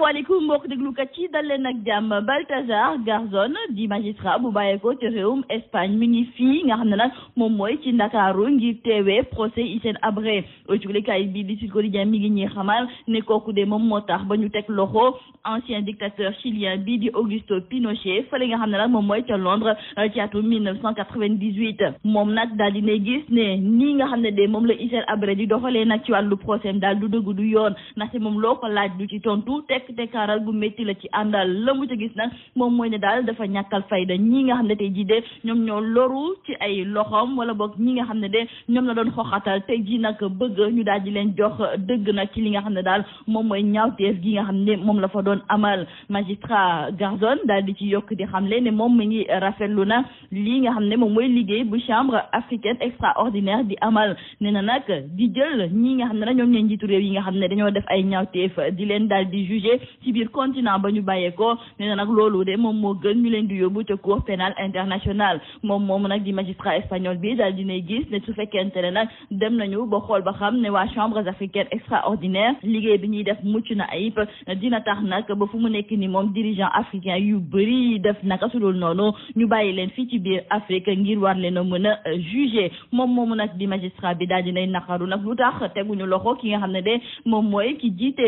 asalaamaaleykum mbokk déglukat yi dal leen nag jàmm Balthazar Garzón di magistrat bu bàyyeekoo ci réewum Espagne mi ngi fii nga xam ne nag moom mooy ci Ndakaaru ngir teewee procès Hissène Habré cuglikaay bi di Sud Quotidien mi ngi ñuy xamal ne kooku de moom moo tax ba ñu teg loxo ancien dictateur chilien bi di Augusto Pinochet fële nga xam ne nag moom mooy ca Londres euh, ci atum 1998 moom nag daal di ne gis ne nii nga xam ne de moom la Hissène Habré di doxalee ci wàllu procès daal du dëgg du yoon ndaxte moom loo ko laaj du ci tontu tek ci dekkaaral bu métti la ci àndal la mu ca gis nag moom mooy ne daal dafa ñàkkal fayda ñi nga xam ne tey jii de ñoom ñoo loru ci ay loxoom wala boog ñi nga xam ne de ñoom la doon xoxatal tey jii nag bëgg ñu daal di leen jox dëgg nag ci li nga xam ne daal moom mooy ñaawteef gi nga xam ne moom la fa doon amal magistrat Garzon daal di ci yokk di xamle ne moom mi ngi rafetlu na lii nga xam ne moom mooy liggéey bu chambre africaine extraordinaire di amal nee na nag di jël ñi nga ne nag ñoom ñooy njiitu réew yi nga xam ne dañoo def ay ñaawteef di leen daal di jugé ci biir continent ba ñu bàyyeekoo nee na nag loolu de moom moo gën ñu leen di yóbbu ca cour pénal international moom moomu nag di magistrat espagnol bi daal dinay gis ne su fekkente ne nag dem nañu ba xool ba xam ne waa chambres africaines extraordinaires liggéey bi ñuy def mucc na ayib dina tax nag ba fu mu nekk ni moom dirigeant africain yu bëri def naka su dul noonu ñu bàyyi leen fii ci biir Afrique ngir war leen a mën a euh, juger moom moomu nag di magistrat bi daal dinay naqaru nag lu tax teguñu loxo ki nga xam ne de moom mooy ki jiite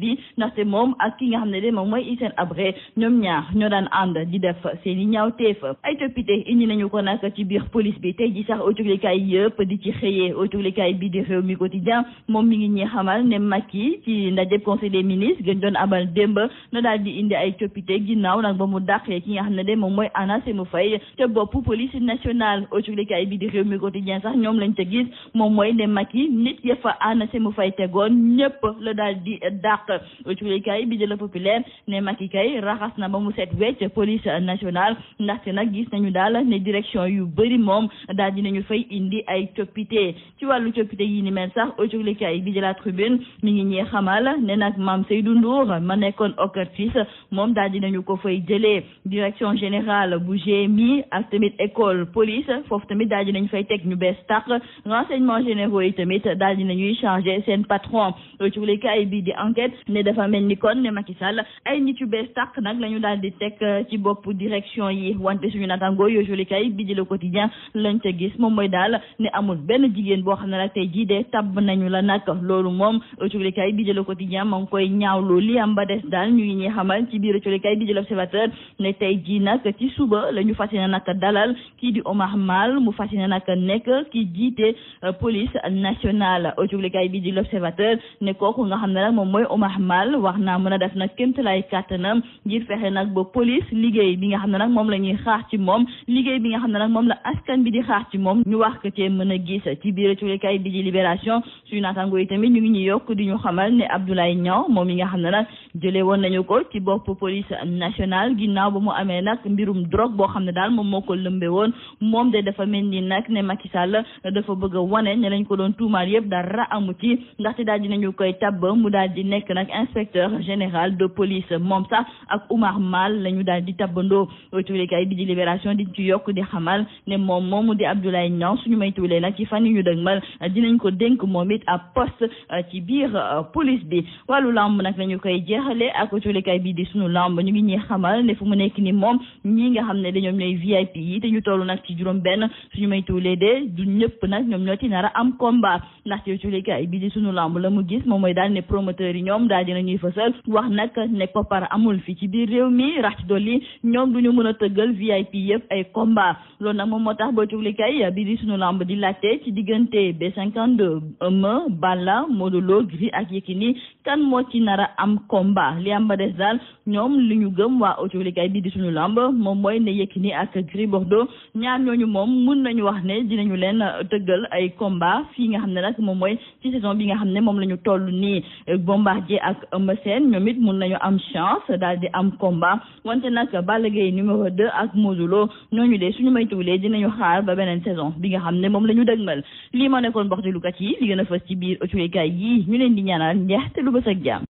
bi ndaxte moom ak ki nga xam ne de moom mooy Hissène Habré ñoom ñaar ñoo daan ànd di def seen i ñaawteef ay toppite indi nañu ko nag ci biir police bi tey ji sax autoglikaay yëpp di ci xëyee autoglikaay bi di réew mi quotidien moom mi ngi ñuy xamal ne Macky ci ndajeb conseil des ministres gën doon abal démb na di indi ay toppite ginnaaw nag ba mu dàqee ki nga xam ne de moom mooy Anna Semou Faye te bopp police nationale bi di réew mi quotidien sax ñoom lañ ca gis moom mooy ne Macky nit dàq cuulikaay bi jëla populaire ne Macky raxas na ba mu set wecc police nationale ndaxte nag gis nañu daal ne direction yu bëri moom daal dinañu fay indi ay coppite ci wàllu coppite yi ni mel sax cuulikaay bi jëla tribune mi ngi ñee xamal ne nag Mame Seydou Ndour ma nekkoon OCRTIS moom daal dinañu ko fay jëlee direction générale bu GMI ak tamit école police foofu tamit daal dinañu fay teg ñu bees tàq renseignement généraux yi tamit daal dinañuy changer seen patron cuulikaay bi enquête ne dafa mel ni kon ne Macky Sall ay nit yu bees nag la ñu daal di teg euh, ci bopp direction yi wante suñu natango yoo joli kay bi di le quotidien lañ moom mooy daal ne amul benn jigéen boo xam ne nag tey jii de tabb nañu la nag loolu moom joli kay bi di le quotidien ma ngi koy ñaawlu li am ba des daal ñu ngi ñuy xamal ci biir joli kay bi di l'observateur ne tey jii nag ci suba la ñu fas yéene nag dalal kii di Omar Mal mu fas yéene nag nekk ki jiite euh, police nationale joli kay bi di l'observateur ne kooku nga xam ne nag moom Oumar Mal wax naa mën a def nag kémta lay kàttanam ngir fexe nag ba police liggéey bi nga xam ne nag moom la ñuy xaar ci bi nga xam ne nag moom la askan bi di xaar ci moom ñu wax ko cee mën a gis ci biir culikay bi di libération suñu naataango yi ñu ngi ñuy yokk di ñu xamal ne Abdoulaye Niang moom yi nga xam ne nag jëlee woon nañu ko ci bopp police nationale ginnaaw ba mu amee nag mbirum drogue boo xam ne daal moom moo ko lëmbe woon moom de dafa mel ni nag ne Macky Sall dafa bëgg a wane ne lañ ko doon tuumaal yëpp dara amu nekk nag inspecteur général de police moom sax ak Oumar Mal la ñu daal di tabbandoo tuulekaay bi di libération di ci yokk di xamal ne moom mu di Abdoulaye Niang suñu may tuulee nag ci fan yu ñu dëgmal dinañ ko dénk moom it ab poste euh, ci biir euh, police bi wàllu lamb nag la ñu koy jeexale ak tuulekaay bi di suñu lamb ñu ngi ñuy xamal ne fu mu nekk ni moom ñi nga xam ne dañoom ñooy VIP yi te ñu toll nag ci juróom benn suñu may tuulee de du ñëpp nag ñoom ñoo ci nar a am combat ndax ci tuulekaay bi di la mu moom mooy daal ne promoteur yi ñoom daal dina ñuy fësal wax nag ne koppar amul fi ci biir réew mi rax ci dolli ñoom du ñu mën a tëggal VIP yëpp ay combat loolu nag moom moo tax ba cuglikaay bi di sunu lamb di laajte ci diggante B52 Eumeu Balla Modou Lo Gris ak Yékini kan moo ci nar a am combat li am ba des daal ñoom li ñu gëm waa cuglikaay bi di sunu lamb moom mooy ne ni ak Gris Bordeaux ñaar ñooñu moom mun nañu wax ne dinañu leen tëggal ay combat fii nga xam ne nag moom mooy ci Bombardier ak Eumeu Sène ñoom it mun nañu am chance daal di am combat wante nag ba Gaye numéro 2 ak Modou Lo ñooñu de suñu maytuwulee dinañu xaar ba beneen saison bi nga xam ne moom la ñu dëgmal lii ma nekkoon mbox di lukat yi li gën a fës ci biir autorité yi ñu leen di ñaanal njeex te lu bës ak jàmm